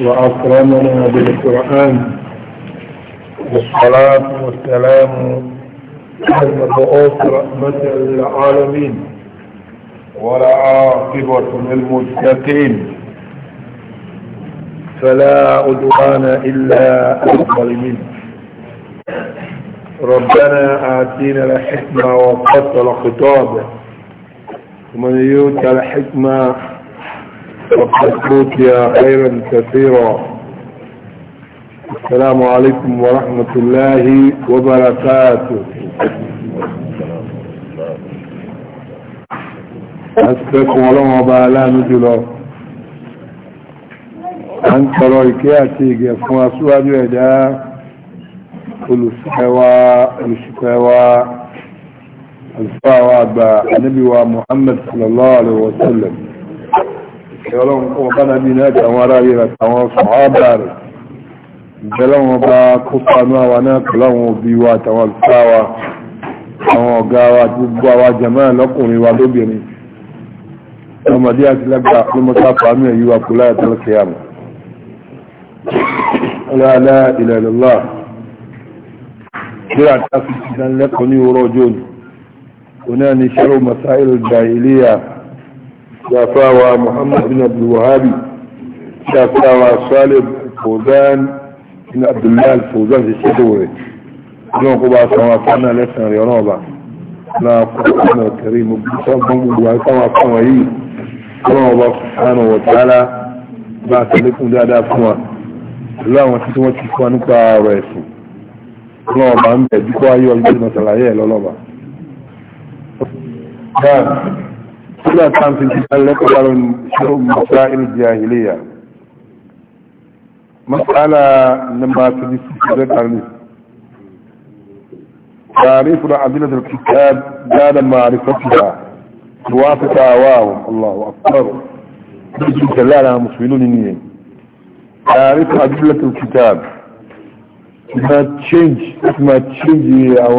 وأكرمنا بالقرآن والصلاة والسلام على رؤوس رحمة للعالمين ولا عاقبة للمتقين فلا عدوان إلا الظالمين ربنا آتينا الحكمة وقتل خطابه ومن يؤتى الحكمة وقد يا خيرا كثيرا السلام عليكم ورحمة الله وبركاته أسفكم ولما نجل أنت أن ترى الكياتيك يفهم أسواد يدا كل السحوى الشكوى الفاوى النبي ومحمد صلى الله عليه وسلم ìrọ̀lọ́run kó bá nàbí náà jẹ àwọn aráyé àtàwọn sọ̀hábà rẹ̀ ìjẹ́lọ́wọ́n bá kó fanú àwa náà pẹ̀lú àwọn òbí wa àtàwọn àlùfáà wa àwọn ọ̀gá wa àti gbogbo àwa jàmáà lọ́kùnrin wa lóbìnrin ọmọdé àti lágbà lọ́mọta fàánú ẹ̀yí wa kò láyà tọ́lọ́ kẹyàmù ọlọ́lá ilẹ̀ شافاوى محمد بن عبد الوهاب شافاوى صالح فوزان بن عبد الله الفوزان في الشدوري لون قبا سوافانا لسنا ريونوبا لا قرآن الكريم بسبب وسوافانا يي ريونوبا سبحانه وتعالى بعث لكم دادا فوا láwọn tí wọ́n ti fún nípa ọ̀rọ̀ ẹ̀sùn lọ́ọ̀bá ń bẹ̀ dípò ayé ọjọ́ ìmọ̀sàlàyé ẹ̀ lọ́lọ́ba. suna kan sun ci shirin masail jahiliya matsala na masu jisi da karni تعريف عدلة الكتاب بعد معرفتها توافق أواهم الله أكبر بجل جلالها مسؤولون إنيين تعريف عدلة الكتاب ما تشينج ما تشينج أو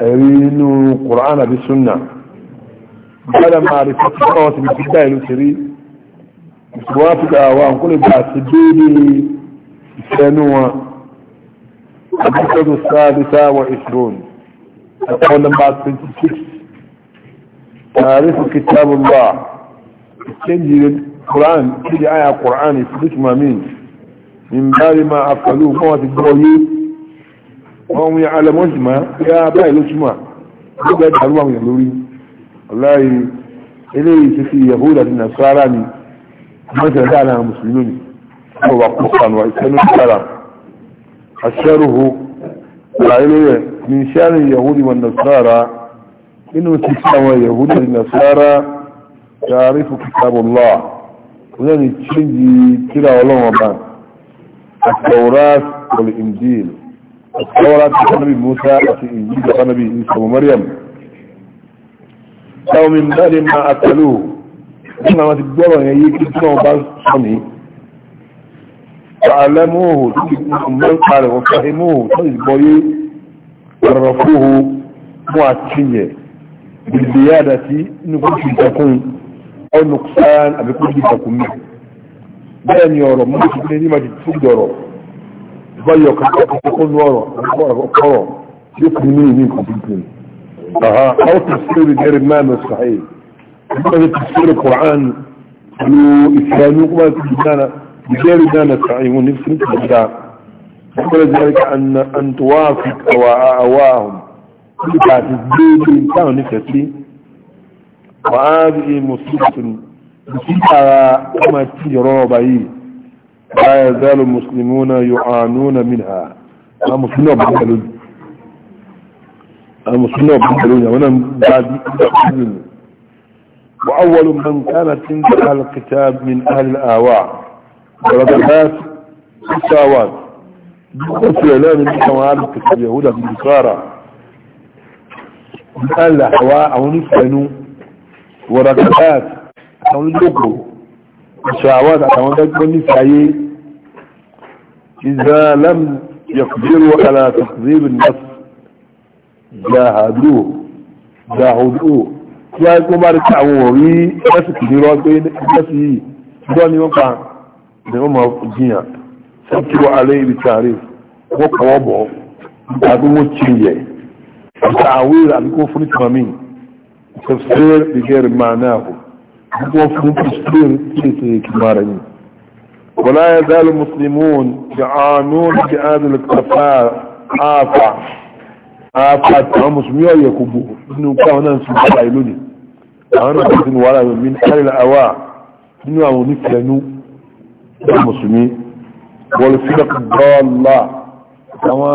أرينو قرآن بسنة bada ma'arifatun kawata bi fidda ilu siri muwafiqa wa an kulli ba su dede sanuwa al-qadr sadisa wa ishrun al-qawl ba 26 ta'rifu kitab Allah tanjil Quran kiji aya Qur'ani fidda mamin min bari ma afalu ko ti goyi wọ́n yà alẹ́mọ́sí máa yá báyìí ló túnmà ló gbẹ́ ìdàrúwà wọn lórí wallahi eléyìí ti fi yahuda ti nasara ni wọ́n ti rẹ̀ àwọn musulmi ni wọ́n wà kúrò wà ìsẹ́nu sára aṣẹ́rùhù àìlẹ́yẹ ní sẹ́rin yahudi wa nasara inú ti fi àwọn yahuda ti nasara tàrífù kìtàbùlá wọ́n ni chíjì kíra ọlọ́wọ́n bá التوراة والإنجيل التوراة كان نبي موسى والإنجيل كان نبي عيسى ومريم أو من بعد ما أكلوه إنما ما تقدروا يكتبوا بعض صمي فعلموه من قال وفهموه تجبوا عرفوه معتشية بالزيادة نقول تكون أو نقصان أو يكون تكون بين يورو ممكن لما تتفجروا بل يكون يورو يكون مني منكم في الكلمة اها او تفسير غير الامام الصحيح هذا تفسير القران قالوا اسلام يقبل كان بغير دانا صحيح ونفس الكتاب قبل ذلك ان ان توافق اواهم كل تعتدي الانسان نفسي وهذه مصيبه مصيبه كما تجرى به لا يزال المسلمون يعانون منها المسلمون بذلك المسلمين وأول من كانت عند أهل الكتاب من أهل الآواء ورجلات الساوات بقصر الإعلام من أهل الكتاب يهودا بالنصارى من أهل الأحواء أو نسكنوا ورجلات أو نسكنوا الساوات أو نسكنوا إذا لم يقدروا على تقدير النص jahadu jahudu tí a kó bá rí kí àwọn orí lẹ́sìkì ní rọ́ pé lẹ́sì yìí gbọ́ ni wọ́n pa ni wọ́n máa jiyàn sẹ́kìrò alẹ́ ibi tààrí wọ́n kọ́ bọ̀ àbí wọ́n ti yẹ àti àwọn èrè àbí fún ní tìmọ̀ míì tẹ̀sílẹ̀ ìgẹ̀rẹ̀ máa náà kò bí wọ́n fún tẹ̀sílẹ̀ tí ó ti kì máa rẹ̀ yìí. ولا يزال المسلمون يعانون بهذه الكفاءة ààfà àwọn mùsùlùmí ọ̀yẹ̀ kò gbò nínú pé àwọn náà ń sun bàbá ìlú ni àwọn náà ti sinú wàhálà mi kárìlà àwà nínú àwọn onífẹ̀ẹ́nú àwọn mùsùlùmí wọlé fílẹ̀kù dọ́ọ̀lá àwọn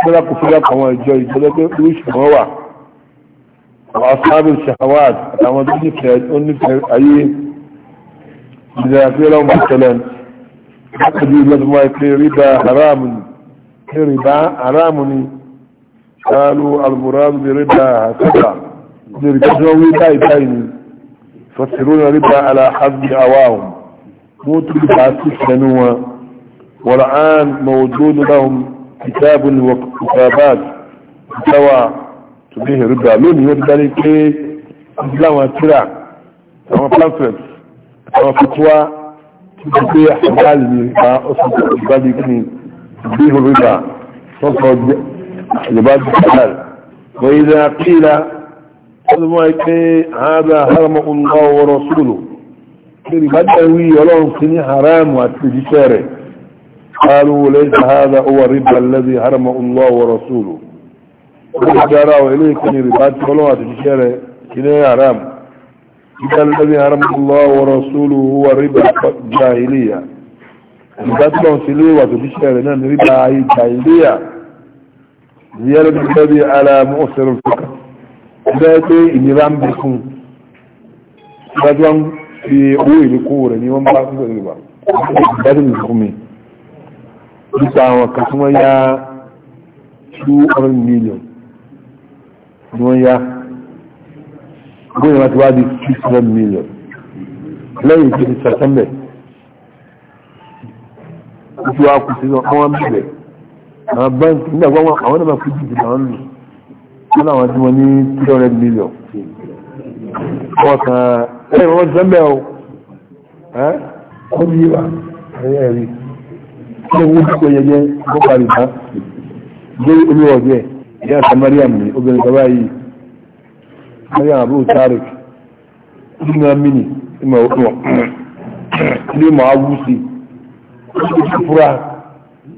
fílẹ̀kù fílẹ̀kù àwọn ìjọ ìjọlẹ́gbẹ́ oríṣi wọn wà àwọn asábẹ̀ shahawad àwọn tó nífẹ̀ẹ́ ayé ìjọba fi lọ́wọ́ mọ̀tẹ́lẹ̀ láti bí ìlọ́dún wáyé rí قالوا المراد بربا هكذا يرجعوا باي باين يفسرون ربا على حظ أواهم موت بتعسيس نوى والآن موجود لهم كتاب وكتابات سوى تبيه ربا لون يربا لكي أجلا واترا سواء بلانفت سواء فتوى تبيه حمالي أصدق تبيه ربا لباس الحلال وإذا قيل هذا حرم الله ورسوله بدأوي يلون سني حرام واتجساره قالوا ليس هذا هو الربا الذي حرم الله ورسوله وقال إليه كان ربا ولهم واتجساره كنا حرام إذا الذي حرم الله ورسوله هو ربا جاهلية ربا لهم سني واتجساره ربا جاهلية زيادة النبي على مؤثر الفقر ذاتي النظام بكم بدون في أول الكورة نيوان باقي بالبار بدون الحكومي بتاعوا كسما يا شو أمر مليون نيوان يا قول ما توادي شو مليون لا يمكن تتسمى وفي عاقل سيزون أمام بيه àwọn báńkì nígbà wọn àwọn náà kú jìbìtì àwọn nù wọn náà wọn tí wọn ní three hundred million wọn kan ẹ wọn sẹ́mbẹ̀ o ẹ wọn yí wa ẹ ẹ rí kí wọn kú kó yẹyẹ kó parí bá gbé olúwa ọjọ́ ẹ ìyá àti Mariam ni obìnrin kan báyìí Mariam abu tarik nínú amini ìmọ̀ ìmọ̀ ilé ìmọ̀ awúsí ó ti fura.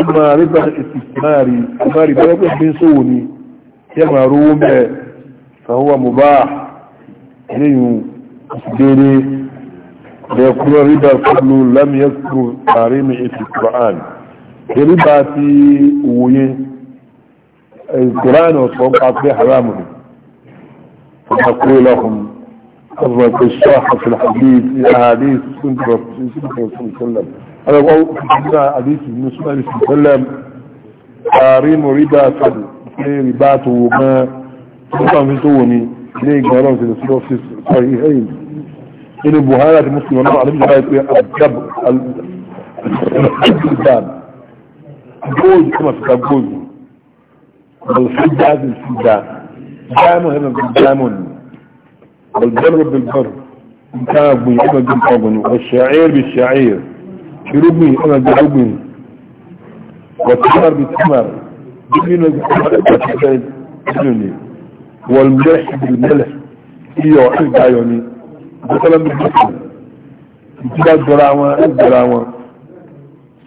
أما ربا الاستثماري استثماري بلد يحبين كما روم فهو مباح إليه أصدري ليكون ربا القبل لم يذكر تعريمه في القرآن ربا في وين القرآن وصنقع في حرامه فنقول لهم أضرب الشاحة في الحديث في أحاديث سنة رسول صلى الله عليه وسلم أنا أقول أن حديث من سنة الله وسلم تاريم ربا في ربات وما تقام في سوني ليه قالوا في السنة في صحيحين إن البهارة المسلمة نرى الله عليه وسلم الجب الجب جوز كما في الجوز والحجة الحجة جامع هنا جامع والبر بالبر كان ابو يحمد بن والشعير بالشعير irúgbìn ọmọ ẹgbẹ́ irúgbìn wọ̀tíwárì tímar dúbínú ẹgbẹ́ ìdílù ni wọ̀lmẹ́ ìdílù mẹ́lẹ̀ iyọ̀ ìgbàyọ̀ ni gbọ́sọ́lá ní gbọ́sọ́ ìjọba jọra wọn ẹgbẹ̀rẹ̀ wọn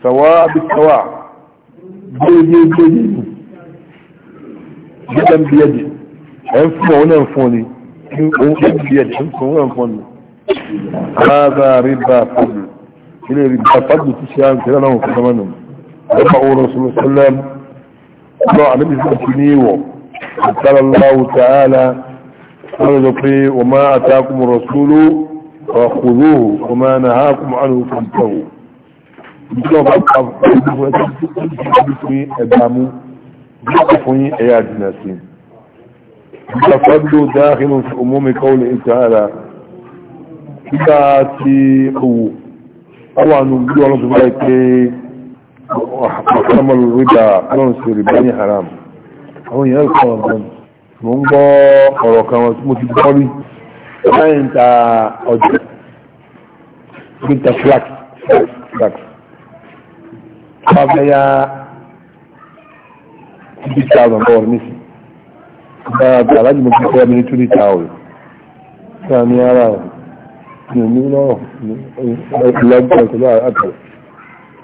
sọ̀wọ́ àbí sọ́wà gbéyé gbéyé ni gbẹ́dẹ̀ ń bí ẹ̀dì ẹ̀ ń fún ọ̀hún náà fún ni òun ń bí ẹ̀dì ń fún ọ̀hún náà fún ni. هذا ربا فضل كلي رجاء فضل تسيان كلا لهم كمانهم رفعوا رسول الله صلى الله عليه وسلم الله عليه وسلم قال الله تعالى قال وما أتاكم الرسول فأخذوه وما نهاكم عنه فانتهوا ìjọba àpapọ̀ ìfún ẹ̀dàmú nípa fún yí ẹ̀yà ọwọ́ àánú bí ọlọ́run tó báyìí pé ọ̀hàmọ́ rúdà ọlọ́run sí rí bá ní haram àwọn èèyàn kọ́ ọ̀gbọ́n mo ń gbọ́ ọ̀rọ̀ kan wọn tí mo ti gbọ́ rí láyé ń ta ọjà bí ń ta flax flax fáfẹ́yà fifty thousand dollars nísì gbára àlájì mo ti kọ́ ọmọ ní twenty thousand ní ara ní lọ́rọ̀ ìlàjọ́ ìtọ́lá àtọ̀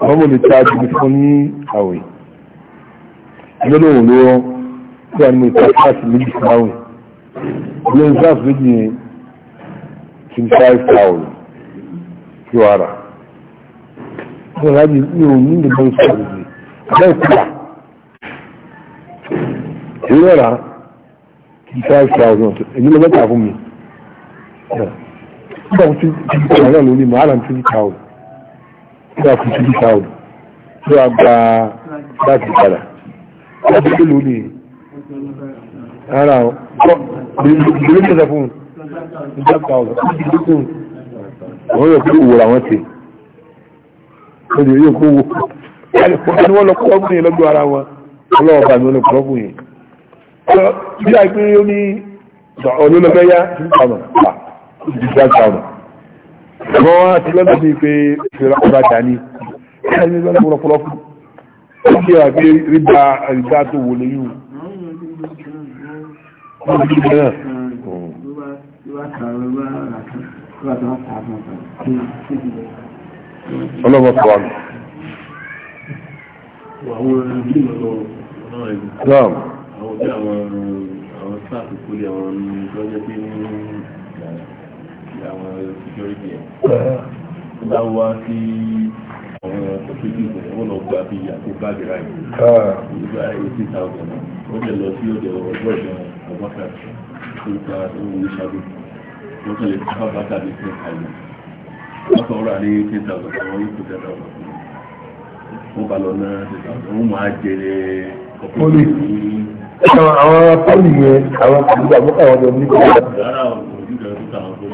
wọ́n mọ̀ lè ta jù fún ní àwẹ̀ lọ́nà òun ló rán tí a ní mo ta fásitì méjì fún àwẹ̀ lóyún fásitì méjì yẹn twenty five thousand tí ó ara wọ́n rájì ní òun ní ìgbà ìṣòro yìí àbẹ́ ìkúlà èyí rẹ̀ rà fún mi nígbà fún twenty thousand náà lónìí màálà twenty thousand nígbà fún twenty thousand ló wá gba láti padà ọdún tó lónìí ara ọ bèrè ní ọjà fún twenty thousand twenty thousand àwọn yóò kó wò làwọn ti wọ́n yóò yóò kó wò ẹni wọ́n lọ kọ́ ọ́gbìn yẹn lọ́dún ara wọn ọlọ́ọ̀bà ni wọ́n lọ kọ́ ọ́gbìn yẹn bí àìpé ó ní ọ̀nà lọ́gbẹ́yà twenty thousand ìdíjáàtàrù ṣùgbọ́n wọ́n ti lọ́nà sí pé ìfẹ́ràkúra dání ẹni lọ́nà pọ̀lọpọ̀lọ fún ó kí wà pé rígbà rígbà tó wò lè yíò ọlọ́wọ́ sọ̀rọ̀ Àwọn ọ̀dọ́ àwọn sáàkùkú àwọn ọ̀nà ìjọ́jẹ́ bí ní àwọn security ẹ̀ uh-huh. tó bá wá sí àwọn opportunity ẹ̀ wọ́n lọ gba bí àpò báàgì ráì uh-huh. ìgbà eighty thousand ó jẹ́ lọ sí ọ̀dọ̀ ọjọ́ ìjọ ọgbọ́ta tó gba owó ìṣàbí wọ́n tún lè bàtà ní ten thousand wọ́n sọ ọ́ra ní ten thousand àwọn yóò tó ten wọ́n bá lọ ná ten thousand wọ́n máa jèrè ọ̀pọ̀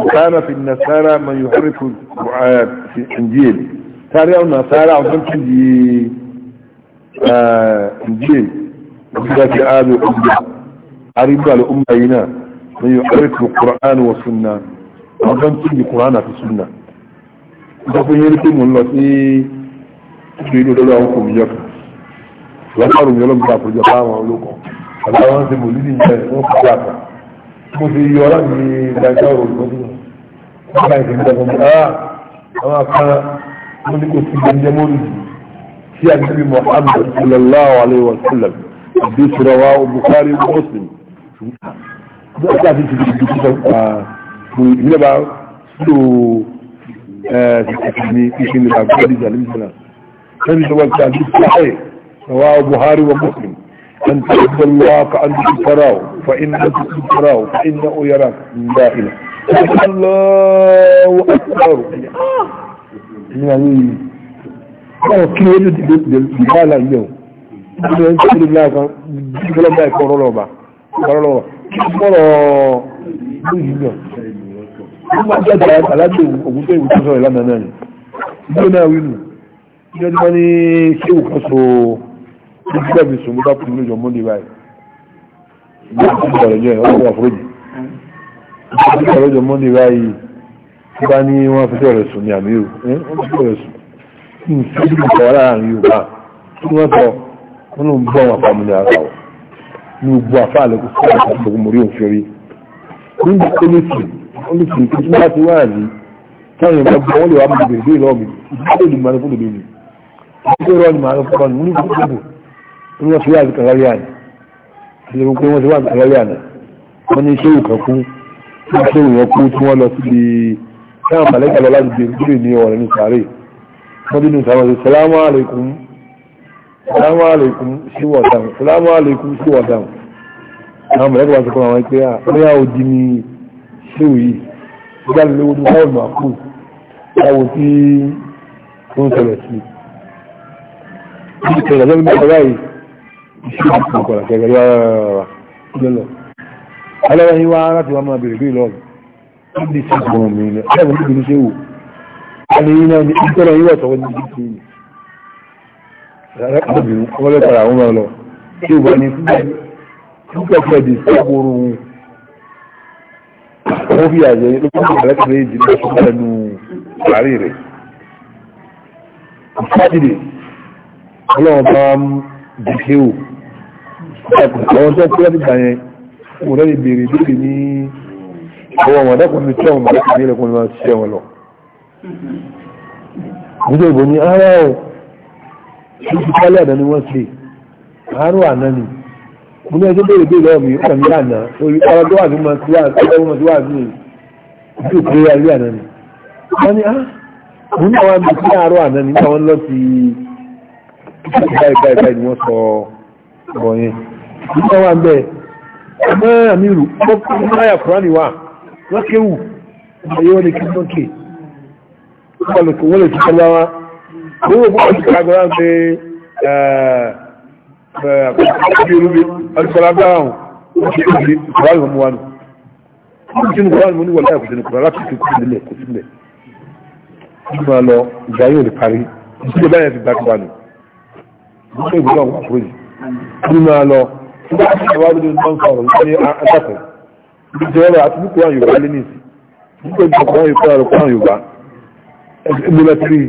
وكان في النصارى من يحرك القرآن في الإنجيل تاريخ النصارى عظم في الإنجيل آه، وكذا في آل الأمة عربة الأمة هنا من يحرك القرآن والسنة عظم في القرآن في السنة وكذا من الله في تقيلوا لهم يكفر وقالوا يلوم كافر جفاهم ولوكم فلا وانسي مولدين جاي وقفاكم mo ti yọ láti ìdájọ́ òròdì bàbá ìgbẹ̀ndẹ̀gbọ̀n ah àwọn kan wọ́n ní kò sí gbẹ̀ndẹ̀mọ́lì tí a níbi Muhammad sallallahu alaihi wa sallam àbí sọ̀rọ̀wá Bukhari Muslim bí a ti ti di sọ fún ìbílẹ̀ bá sílò ẹ̀ẹ́dẹ̀kì ní kíkí ní bàbá ìdíjà ní ìsìnà kan ní sọ́wọ́n kan ní sọ́wọ́ sọ̀rọ̀wá Bukhari wa Muslim أن تعبد الله كأنك تراه فإنك تراه فإنه يراك من داخله lọ́wọ́ ọ̀rọ̀ ní ayé yìí ọ̀rọ̀ kí ló dé dìbò àlà ní àkàn ìdílé bá ẹ̀kọ́ ọ̀rọ̀ lọ́ba ọ̀rọ̀ lọ́wọ́ kí ọ̀rọ̀ ló yìí ní kí ìpínlẹ̀ lọ́jọ́ mọ́ndé báyìí tí bá ní wọ́n fi tẹ̀rẹ̀ sùn ní àmírù wọ́n fi tẹ̀rẹ̀ sùn kí n fi bí ìkọ̀ láàrin yorùbá tí wọ́n sọ wọ́n ló ń bọ́ wọn àpamọ́ ní ara ọ̀ ní gbogbo àfáàlẹ́ kó fún àwọn àgbègbè mórí òfin rí nígbà tó lè sùn wọ́n lè sùn tuntun láti wá àrí táwọn èèyàn gbọ́ wọ́n lè wá mọ̀ bèrè lọ́ọ̀ mi ìdílé ni màá fún òdodo mi ìdílé rọ́ọ̀ ni màá fún òdodo mi ní gbogbo ní wọ́n fi wá àti kàrárí àná ìdílé gbogbo wọn ti wá àti kàrárí àná wọ́n ní iṣẹ́ òkàkùn tí wọ́n ṣòro yẹn kú tí wọ́n lọ síbi táwọn màlẹ́kà lọ láti bèrè kúrò ní ọ̀rẹ́ ní sàárè wọ́n dínú sàmọ̀ sí salamu alaikum salamu alaikum sí wọ̀dáhùn salamu alaikum sí wọ̀dáhùn àwọn màlẹ́kà wá sọ fún àwọn pé àríyá òdì ni ṣéwù yìí gbá lówó ní báwọn àkú láwo tí ó ń ṣẹlẹ̀ sí i ìṣẹ̀lẹ̀ lọ́wọ́ ní ọ̀rá yìí ìṣẹ́ ìṣẹ́ ìkọ̀ọ̀kọ̀ ọlọ́wọ́ yín wá láti wá máa bèrè bí lọ́ọ̀lù níbi tí ìgbọ̀n mi ni ọlọ́wọ́ níbi ní ṣe wò àní yín náà ní ìtọ́nà yín wọ̀ tọ́wọ́ níbi tí ní ọlọ́bìnrin ọlọ́lẹ́ padà àwọn ọmọ lọ tí ó bá ní púpọ̀ púpọ̀ di sọ́kòrò wọn wọ́n fi àjẹ lókùnkùn ẹlẹ́kùnrin èjì ní ọ̀ṣun lẹ́nu àárí rẹ̀ sátidé ọlọ́wọ́ bá ń dìṣe wò ọ̀pọ̀ àwọn tó ń pẹ́ òun lẹ́yìn béèrè béèrè ní ọwọ́ wọn dákùnrin tí àwọn mọ̀lẹ́kùn ní ẹlẹ́kùnrin máa ṣiṣẹ́ wọn lọ gbogbo ìbò ní ara ọ̀ tí ti kálẹ̀ àdá ni wọ́n ṣe àárọ̀ àná ni mo ní ẹjọ́ béèrè béèrè ọ̀mí ọ̀rọ̀ ní àná orí ara tó wà ní ma ti wà ọmọ ti wà ní ìlú pé ayé àná ni wọ́n ní á ah, mo ní àwọn àmì sí àárọ̀ àná ni nígbà wọn lọ sí báyìí báyìí báyìí ni wọ́n sọ ọ̀rọ̀ yẹn nígbà wọn bẹ́ẹ̀ àmọ́ àmìrù ọkùnrin kùránì wà lọ́kéwù ayéwọ́ ní kí lọ́kè wọ́n lè kíkọ́ lọ́wọ́ owó bọ́ ọdún agbára ń pé ọdún agbára ọ̀hún ó ti kí ní kùránì wọn mú wa nù ó ti ní kùránì wọn ní wọlé àkùtì ní kùránì láti fi kúrò nílẹ̀ kò sílẹ̀ ó máa lọ ìgbà yóò lè parí ìdílé báyẹn ti gbàgbà nù ó ń gbé ìgbà wọn àpòyì ó máa lọ nígbà tí ìwà ló ń tán sọ̀rọ̀ ní adáfẹ́ ibi jẹ́ ọ̀rọ̀ àti nípa yorùbá lé nìsí nípa ìjọba yorùbá yorùbá yorùbá ẹgbẹ́lẹ́tìrì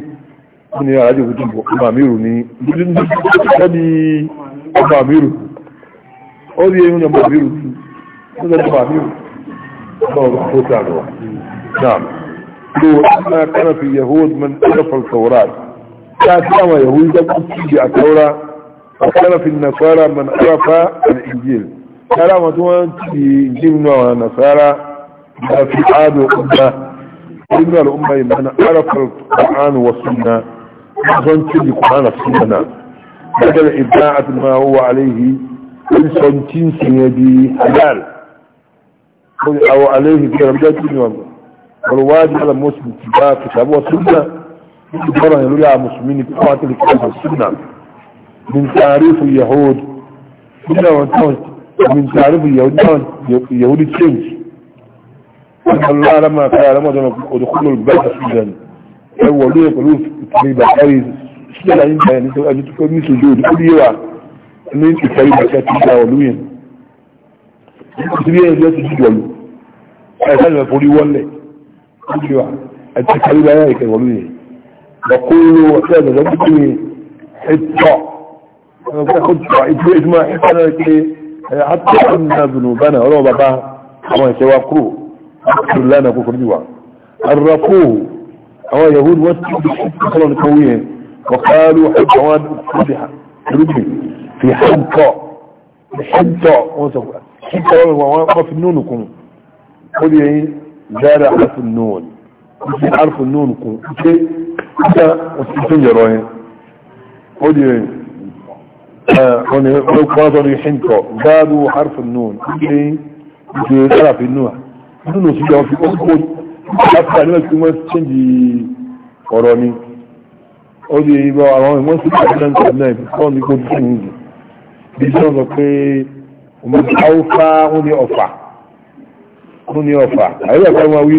ní arájò gbogbo ọmọ àmìrù ní ìjọbi ọmọ àmìrù ó rí ẹyún ọmọ àmìrù tí ó lọ́dọ̀ ọmọ àmìrù ọmọ tó sàrọ̀ náà ló ọmọ kan fi yahoo man ọlọ́fọ̀ sọ̀rọ̀ àti àwọn yahoo ìjọba tí ìjọ àtọ́rọ̀ فكان في النصارى من عرف الإنجيل كلام وان في إنجيل ونصارى في عاد الأمة إن الأمة من عرف القرآن والسنة وان في القرآن والسنة بدل إباعة ما هو عليه إن سنتين سيدي حلال أو عليه في رمضان والواجب على المسلم اتباع كتاب وسنة يقول لها مسلمين اتباعة الكتاب والسنة من تعريف اليهود من تعريف اليهود يهود تشينج الله لما قال لما ودخلوا البلد السودان أولو يقولوا في بحري سجل عند يعني انت اجيت في من سجود كل يوع ان انت في بكات اولوين كثير جات تجول هذا بولي والي كل يوع انت كلمه هيك اولوين وقولوا وكذا ذنبي حتى ọgbẹ́kùn ìtú ìdúmọ̀ ìpínlẹ̀ pé àti ìdúnnàbùnú bánà ọlọ́wọ́ bàbá àwọn ìṣẹ́wà kúrò lánàá kókò níwà arrafó àwọn yahudu wọ́n ti bí kọ́lọ̀ nìkan wúyẹ wọ́kálù àwọn rúbin fi hàntọ́ hàntọ́ wọ́n sọ hàntọ́ wọ́n fi nínú kun ó di yẹn zara harfin nínú ní harfin nínú kun ṣe ìta òsì tó yẹrọ yẹn ó di yẹn wọ́n ní ṣínkọ̀ gbáàdù harfin nun ní ìṣe sáràfin nùà nínú sí ọ fi kókó láti àníwá tí wọ́n ṣe jì ọ̀rọ̀ ni ó di ìbọ̀ àwọn ìwọ́n sí ìpàdé náà kọ́ ní kó dùn nìyí bí sọ sọ pé ọmọ haúfá ó ní ọ̀fà ó ní ọ̀fà àyẹ̀wò ẹ̀ka wọn wí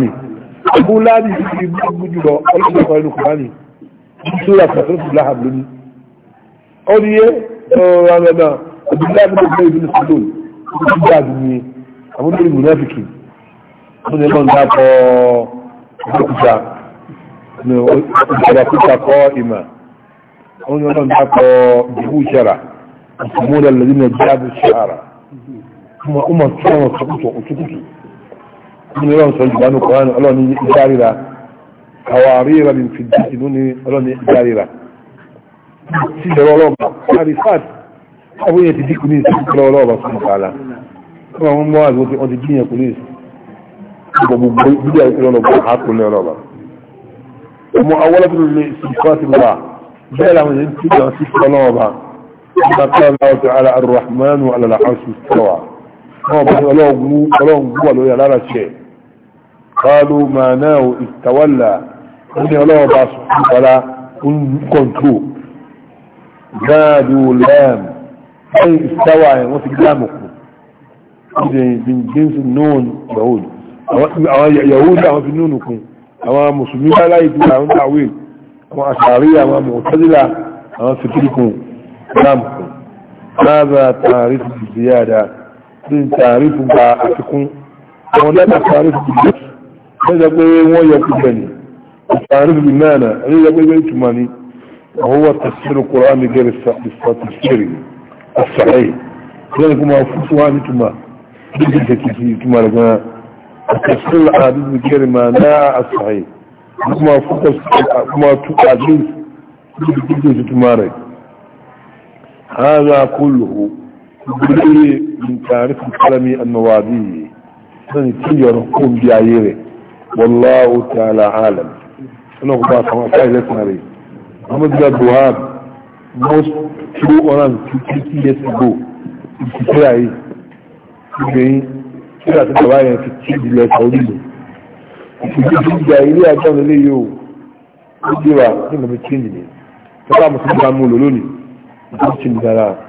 ni abu ladi fi gbogbo lọ ọlọ́pàá kan inú kùránì sórí àpàtàkì láhàm lónìí ó ní yé ọ̀rọ̀ àmì náà abdullahi bin abdullahi bin salon ó ti dáa bí ní àwọn olórí munafiki ó ní lọ́n dá kọ́ ìjọba ìjọba kíkà kọ́ ìmà ó ní lọ́n kọ́ ìjọba ìṣẹ́ra ìsìnkú lọ́lọ́dún ní ọjọ́ ìṣẹ́ra nínú ọlọ́run sọ jùlọ ní kọ́ránì ọlọ́run ní ìdárira àwọn àríra ní fi dí inú ní ọlọ́run ní ìdárira sí ìṣẹ̀rọ ọlọ́ọ̀bà kárí fat àwọn èèyàn ti dínkù ní ìṣẹ̀rọ ọlọ́ọ̀bà fún ìfàlà tí wọ́n mú àwọn àti wọ́n ti dín yẹn kù ní gbogbo ìdí ìrọ̀lọ́gbà àkùn ní ọlọ́ọ̀bà ọmọ awọ́lọ́bìnú ní ìsìnkọ́sí wà قالوا ما ناو استولى ان الله سبحانه وتعالى كنترو زادوا لام اي استوى وسلامكم من جنس النون يهود يهود او في نونكم او مسلمين لا يدعون تعويل او اشعريه او معتزله او سكيكم كلامكم هذا تعريف الزياده bí tààrífù gba àfikún àwọn dábà tààrífù bí bẹ́ẹ̀ lẹ́jọ́ pé wọ́n yẹ kú bẹ̀ ni tààrífù bí mẹ́ẹ̀nà lẹ́jọ́ pé bẹ́ẹ̀ túmọ̀ ni àwọn wà tẹ̀sílẹ̀ kùránì gẹ̀rẹ̀ sàtìsírì àṣàyè lẹ́yìn kó máa fún wa ní túmọ̀ bí bí tẹ̀kìtì túmọ̀ rẹ̀ gan-an tẹ̀sílẹ̀ àdúgbò gẹ̀rẹ̀ máa ná àṣàyè kó máa fún tẹ̀sílẹ̀ kó máa ìgbìlẹ̀ min tarif kalami annawadi nan ti yọrọ kún bí ayé rẹ̀ wallahu ta'ala alam ọ̀nà kò bá kama fáyé lẹ́sìn rẹ̀ Muhammad bin Buhari most true oran fifty years ago ti kíra yìí ìgbẹ̀yìn kíra ti bàbá yẹn ti tí ìdílé sọ́ọ́dì lò ìgbẹ̀yìn ti gba ilé ajá nílé yóò ó dé wa ní ìgbà mi tí ìdílé tọ́lá mùsùlùmí bá mú lò lónìí ìgbà mi tí